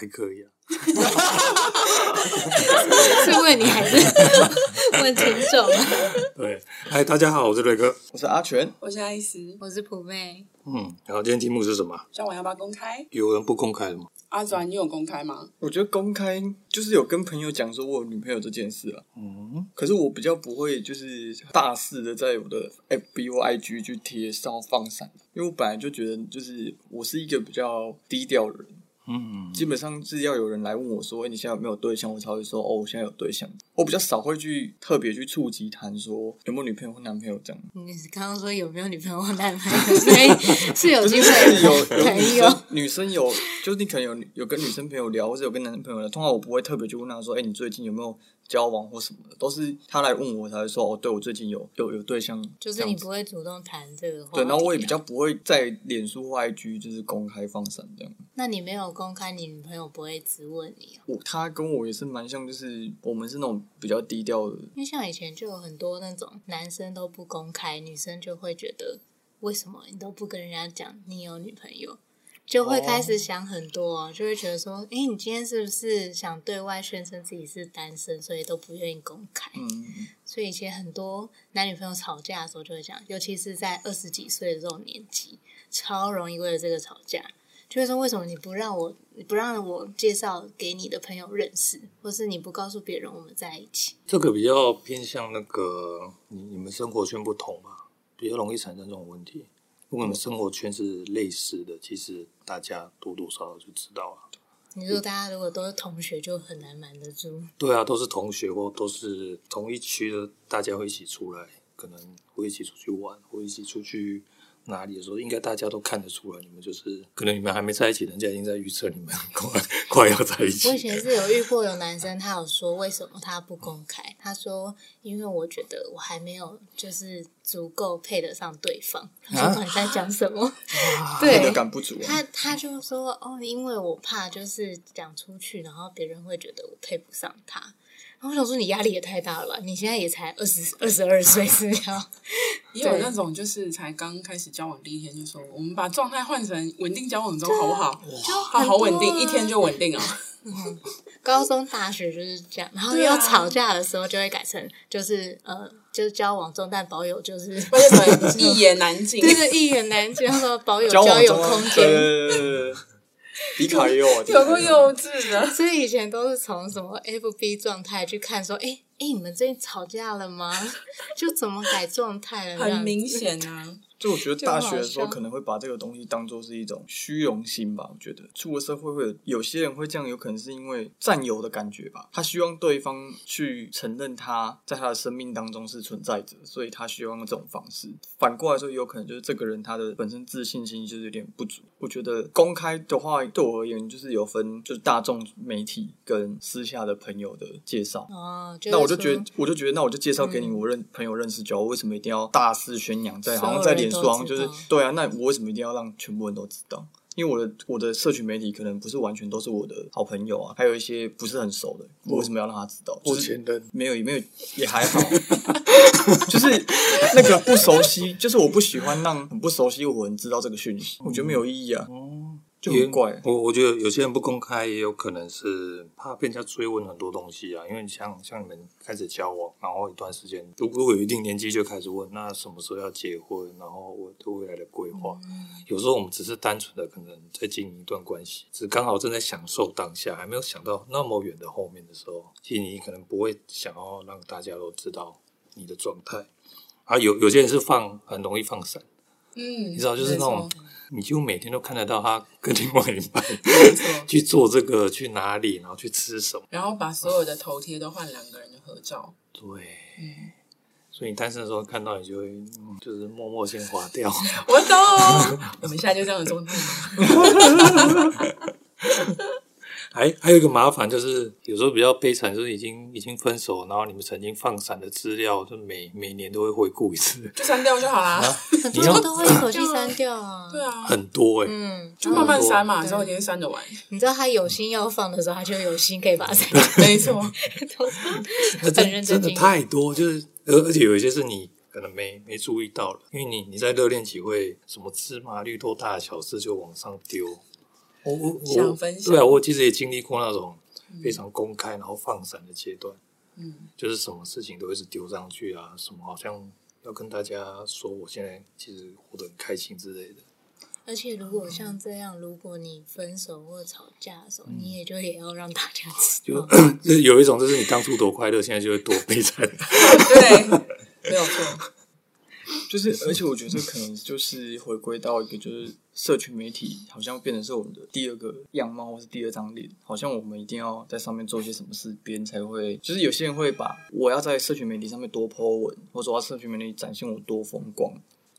還可以啊 是因為你還是很成熟。對，嗨，大家好，我是瑞哥，我是阿全，我是艾斯，我是普妹。嗯，然後今天題目是什麼？交往要不要公開？有人不公開的嗎？阿、啊、全、啊，你有公開嗎？我覺得公開就是有跟朋友講說我有女朋友這件事了、啊。嗯，可是我比較不會就是大肆的在我的 FB 或 IG 去貼上放閃，因為我本來就覺得就是我是一個比較低調的人。嗯，基本上是要有人來問我說、欸，你現在有沒有對象？我才會說，哦，我現在有對象。我比較少會去特別去觸及談說有沒有女朋友或男朋友這樣。你是剛剛說有沒有女朋友或男朋友， 所以是有機會、就是、有有女生， 女生有，就是你可能有有跟女生朋友聊，或者有跟男生朋友聊，通常我不會特別去問他說，哎、欸，你最近有沒有？交往或什麼的，都是他來問我才會說哦，對我最近有有有對象，就是你不會主動談這個，話題、啊，對，然後我也比較不會在臉書或 IG 就是公開放閃這樣。那你沒有公開，你女朋友不會質問你、啊？我、哦、他跟我也是蠻像，就是我們是那種比較低調的，因為像以前就有很多那種男生都不公開，女生就會覺得為什麼你都不跟人家講你有女朋友。就會開始想很多，Oh. 就會覺得說，誒，你今天是不是想對外宣稱自己是單身，所以都不願意公開？Mm -hmm. 所以以前很多男女朋友吵架的時候就會講，尤其是在二十幾歲的這種年紀，超容易為了這個吵架，就會說為什麼你不讓我不讓我介紹給你的朋友認識，或是你不告訴別人我們在一起？這個比較偏向那個你你們生活圈不同嘛，比較容易產生這種問題。如果你們生活圈是類似的，其實大家多多少少就知道了。你說，大家如果都是同學，就很難瞞得住。對啊，都是同學或都是同一區的，大家會一起出來，可能會一起出去玩，會一起出去哪裡的時候，應該大家都看得出來，你們就是可能你們還沒在一起，人家已經在預測你們。呵呵快要在一起。我以前是有遇過有男生，他有說為什麼他不公開？他說，因為我覺得我還沒有就是足夠配得上對方。啊、不管在講什麼，啊、 對，啊、安全感不足。他他就說哦，因為我怕就是講出去，然後別人會覺得我配不上他。我想說你壓力也太大了，你現在也才二十二十二歲這樣。 也有那種就是才剛開始交往第一天就說我們把狀態換成穩定交往中好不好？哇、啊，好穩定，一天就穩定了。 高中大學就是這樣，然後又要吵架的時候就會改成就是、啊、呃就是交往中，但保有就是 一言難盡，就是一言難盡，說 保有交友空間。比卡丘， 有夠幼稚的。 所以以前都是從什麼 FB 狀態去看，說，誒誒，誒，你們最近吵架了嗎？ 就怎麼改狀態了？很明顯啊。 就我覺得大學的時候可能會把這個東西當做是一種虛榮心吧。我覺得出了社會會有，有些人會這樣，有可能是因為佔有的感覺吧。他希望對方去承認他在他的生命當中是存在着，所以他希望用這種方式。反過來說，有可能就是這個人他的本身自信心就是有點不足。我覺得公開的話對我而言就是有分，就是大眾媒體跟私下的朋友的介紹。哦，那我就覺得，我就覺得那我就介紹給你我認、嗯、朋友認識就好，我為什麼一定要大肆宣揚在？在好像在臉。雙就是對啊，那我為什麼一定要讓全部人都知道？因為我的我的社群媒體可能不是完全都是我的好朋友啊，還有一些不是很熟的，我為什麼要讓他知道？嗯，我是就是、前任沒有也沒有也還好， 就是那個不熟悉，就是我不喜歡讓很不熟悉的人知道這個訊息、嗯，我覺得沒有意義啊。嗯就很怪，我我覺得有些人不公開也有可能是怕被人家追問很多東西啊。因為像像你們開始交往，然後一段時間，如果如果有一定年紀就開始問，那什麼時候要結婚，然後我對未來的規劃、嗯，有時候我們只是單純的可能在經營一段關係，只剛好正在享受當下，還沒有想到那麼遠的後面的時候，其實你可能不會想要讓大家都知道你的狀態。啊，有有些人是放很容易放閃。嗯，你知道就是那種，你幾乎每天都看得到他跟另外一半 去做這個去哪裡，然後去吃什麼，然後把所有的頭貼都換兩個人的合照。啊、對、嗯，所以你單身的時候看到你就會、嗯、就是默默先劃掉。 我懂、哦， 我們現在就這樣的狀態。 還還有一個麻煩就是，有時候比較悲慘，就是已經已經分手，然後你們曾經放閃的資料，就每每年都會回顧一次，就刪掉就好啦，啊、 很多都，都會一口氣刪掉啊， 對啊，很多哎、欸，嗯，就慢慢刪嘛，之、嗯、後已經刪得完。你知道他有心要放的時候，他就有心可以把它刪掉，沒 錯 這，很 認真。真的太多，就是而而且有一些是你可能沒沒注意到了，因為你你在熱戀期會什麼芝麻綠豆大的小事就往上丟。我我想分享我，對啊，我其實也經歷過那種非常公開、嗯、然後放閃的階段，嗯，就是什麼事情都會是丟上去啊，什麼好像要跟大家說，我現在其實活得很開心之類的。而且如果像這樣，嗯、如果你分手或吵架的時候，嗯、你也就也要讓大家知道，就是有一種，就是你當初多快樂， 現在就會多悲慘， 對，沒有錯。就是，而且我覺得這可能就是回歸到一個，就是社群媒體好像變成是我們的第二個樣貌，或是第二張臉，好像我們一定要在上面做些什麼事，別人才會。就是有些人會把我要在社群媒體上面多 po 文，或者說社群媒體展現我多風光，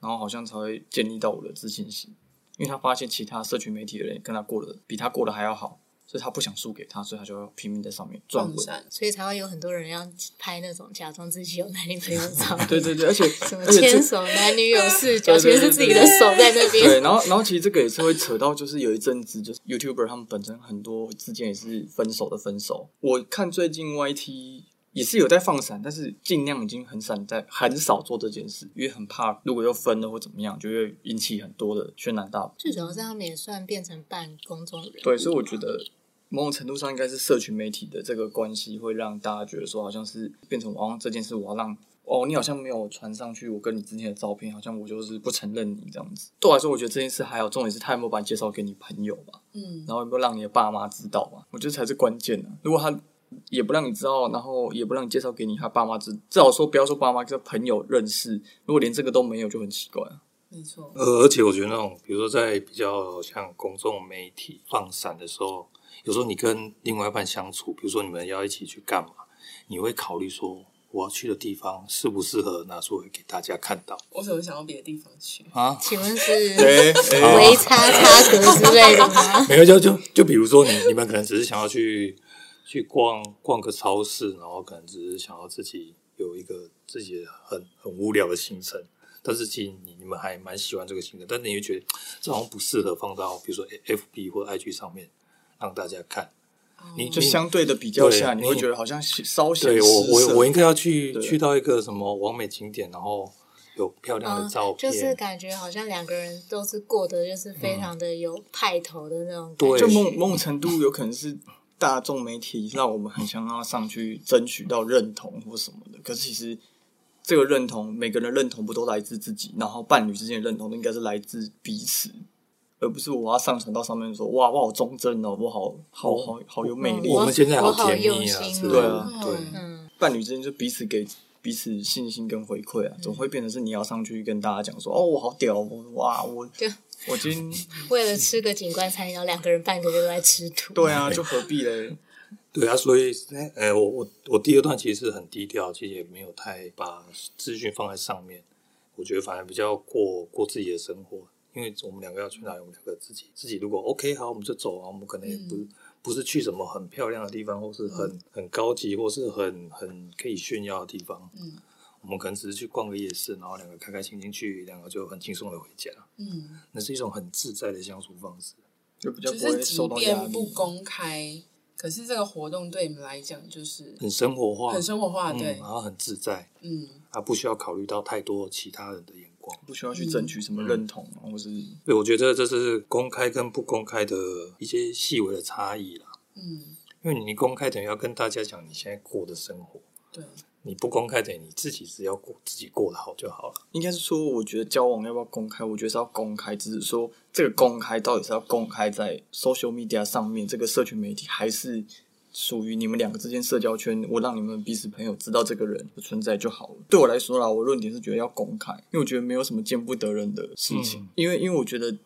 然後好像才會建立到我的自信心，因為他發現其他社群媒體的人跟他過得比他過得還要好。所以他不想輸給他，所以他就要拼命在上面賺、嗯啊。所以才會有很多人要拍那種假裝自己有男女朋友吵架。對對對，而且什麼牽手男女友視角， 全是自己的手在那邊。對，對，對，對，對，對，對，然後然後其實這個也是會扯到，就是有一陣子就是 YouTuber 他們本身很多之間也是分手的分手。我看最近 YT。也是有在放閃，但是盡量已經很閃，在很少做這件事，因為很怕如果又分了或怎麼樣，就會引起很多的軒然大波。最主要是他們也算變成半公眾人，對，所以我覺得某種程度上應該是社群媒體的這個關係，會讓大家覺得說，好像是變成哦，這件事，我要讓哦，你好像沒有傳上去，我跟你之前的照片，好像我就是不承認你這樣子。對我來說，我覺得這件事還有重點是，他有沒有把你介紹給你朋友吧？嗯，然後有沒有讓你的爸媽知道吧？我覺得才是關鍵的、啊、如果他。也不讓你知道，然後也不讓你介紹給你他爸媽，至至少說不要說爸媽跟朋友認識。如果連這個都沒有，就很奇怪啊。沒錯。而且我覺得那種，比如說在比較像公眾媒體放閃的時候，有時候你跟另外一半相處，比如說你們要一起去幹嘛，你會考慮說我要去的地方適不適合拿出來給大家看到。我怎麼想到別的地方去啊？請問是維、 哎、XX 格之類的？ 沒有，就就就比如說你你們可能只是想要去。去逛逛個超市，然後可能只是想要自己有一個自己很很無聊的行程。但是，其實你們還蠻喜歡這個行程，但是你又覺得這好像不適合放到比如說 F B 或 I G 上面讓大家看。嗯、你，你就相對的比較下，你會覺得好像稍顯。對我，我我應該要去去到一個什麼完美景點，然後有漂亮的照片、嗯。就是感覺好像兩個人都是過得就是非常的有派頭的那種、嗯。對，就某某程度有可能是。 大眾媒體讓我們很想讓他上去爭取到認同或什麼的，可是其實這個認同，每個人認同不都來自自己，然後伴侶之間的認同應該是來自彼此，而不是我要上傳到上面說，哇，我好忠貞哦，我好好好好有魅力，我我，我們現在好甜蜜啊，啊對啊，對，嗯、伴侶之間就彼此給彼此信心跟回饋啊，總會變成是你要上去跟大家講說、嗯、哦，我好屌、哦，哇，我。我今 為了吃個景觀餐，然後兩個人半個月都在吃土。對啊，就何必呢？ 對啊，所以哎、欸，我我我第二段其實是很低調，其實也沒有太把資訊放在上面。我覺得反而比較過過自己的生活，因為我們兩個要去哪，我們兩個自己自己如果 OK，好，我們就走啊。我們可能也不、嗯、不是去什麼很漂亮的地方，或是很、嗯、很高級，或是很很可以炫耀的地方。嗯。我們可能只是去逛個夜市，然後兩個開開心心去，兩個就很輕鬆的回家。嗯，那是一種很自在的相處方式，就比較不會受到壓力。不公開，可是這個活動對你們來講就是很生活化，很生活化，對、嗯，然後很自在，嗯，啊，不需要考慮到太多其他人的眼光，不需要去爭取什麼認同，嗯、或是……對。我覺得這是公開跟不公開的一些細微的差異啦。嗯，因為你公開等於要跟大家講你現在過的生活。對。你不公開的，你自己只要過自己過得好就好了。應該是說，我覺得交往要不要公開，我覺得是要公開，只是說這個公開到底是要公開在 social media 上面，這個社群媒體，還是屬於你們兩個之間社交圈，我讓你們彼此朋友知道這個人的存在就好了。對我來說啦，我論點是覺得要公開，因為我覺得沒有什麼見不得人的事情。嗯，因為，因為我覺得。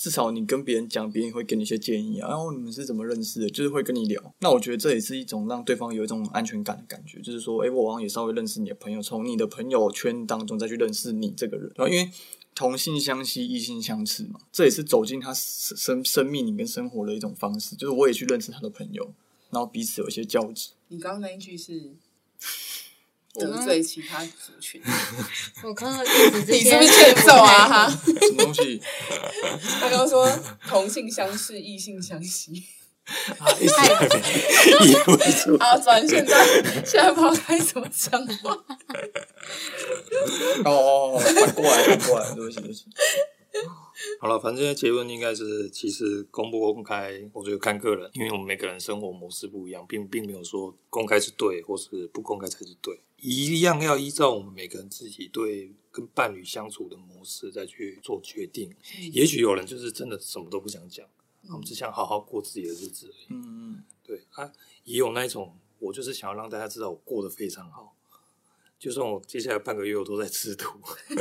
至少你跟別人講，別人會給你一些建議啊。然後你們是怎麼認識的？就是會跟你聊。那我覺得這也是一種讓對方有一種安全感的感覺，就是說，哎、欸，我好像也稍微認識你的朋友，從你的朋友圈當中再去認識你這個人。然後因為同性相吸，異性相斥嘛，這也是走進他生生命裡跟生活的一種方式。就是我也去認識他的朋友，然後彼此有一些交集。你剛剛那一句是？得罪其他族群，我剛剛你是不是欠揍啊？哈，什麼東西？他剛剛說同性相斥，異性相吸，太野蠻。轉、啊、現在現在不知道該怎麼講話。哦哦哦，快過來快過來，對不起對不起。好了，反正結論應該是，其實公不公開，我覺得看個人，因為我們每個人生活模式不一樣，并並沒有說公開是對，或是不公開才是對，一樣要依照我們每個人自己對跟伴侶相處的模式再去做決定。也許有人就是真的什麼都不想講，嗯，我們只想好好過自己的日子而已。嗯嗯，對啊，也有那一種，我就是想要讓大家知道我過得非常好。就算我接下來半個月我都在吃土，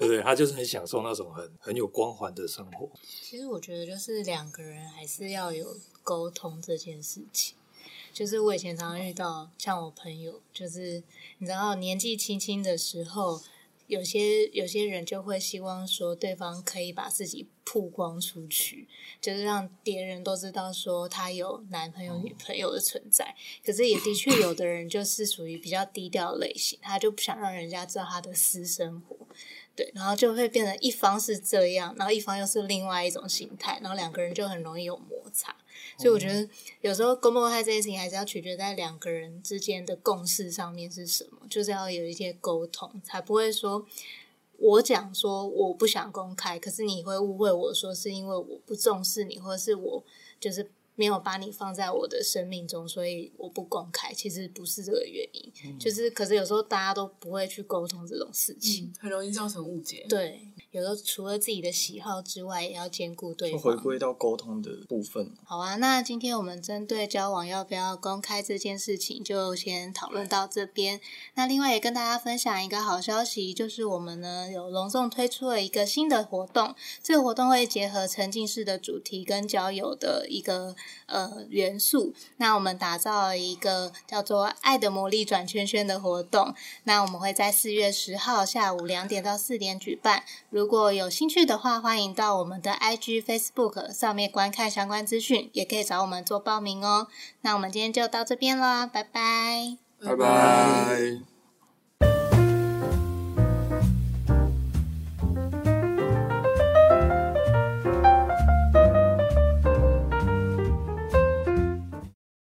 對，他就是很享受那種很很有光環的生活。其實我覺得，就是兩個人還是要有溝通這件事情。就是我以前常常遇到，像我朋友，就是你知道，年紀輕輕的時候。有些有些人就會希望說，對方可以把自己曝光出去，就是讓別人都知道說他有男朋友、女朋友的存在。可是也的確，有的人就是屬於比較低調類型，他就不想讓人家知道他的私生活。對，然後就會變成一方是這樣，然後一方又是另外一種心態，然後兩個人就很容易有摩擦。所、so、以 我覺得有時候公開這件事情，還是要取決在兩個人之間的共識上面是什麼，就是要有一些溝通，才不會說我講說我不想公開，可是你會誤會我說是因為我不重視你，或者是我就是。沒有把你放在我的生命中，所以我不公開。其實不是這個原因，嗯，就是可是有時候大家都不會去溝通這種事情，嗯，很容易造成誤解。對，有時候除了自己的喜好之外，也要兼顧對方。回歸到溝通的部分。好啊，那今天我們針對交往要不要公開這件事情，就先討論到這邊。那另外也跟大家分享一個好消息，就是我們呢有隆重推出了一個新的活動。這個活動會結合沉浸式的主題跟交友的一個。呃，元素。那我們打造了一個叫做“愛的魔力轉圈圈”的活動。那我們會在四月十號下午兩點到四點舉辦。如果有興趣的話，歡迎到我們的 IG、Facebook 上面觀看相關資訊，也可以找我們做報名哦。那我們今天就到這邊啦，拜拜，拜拜。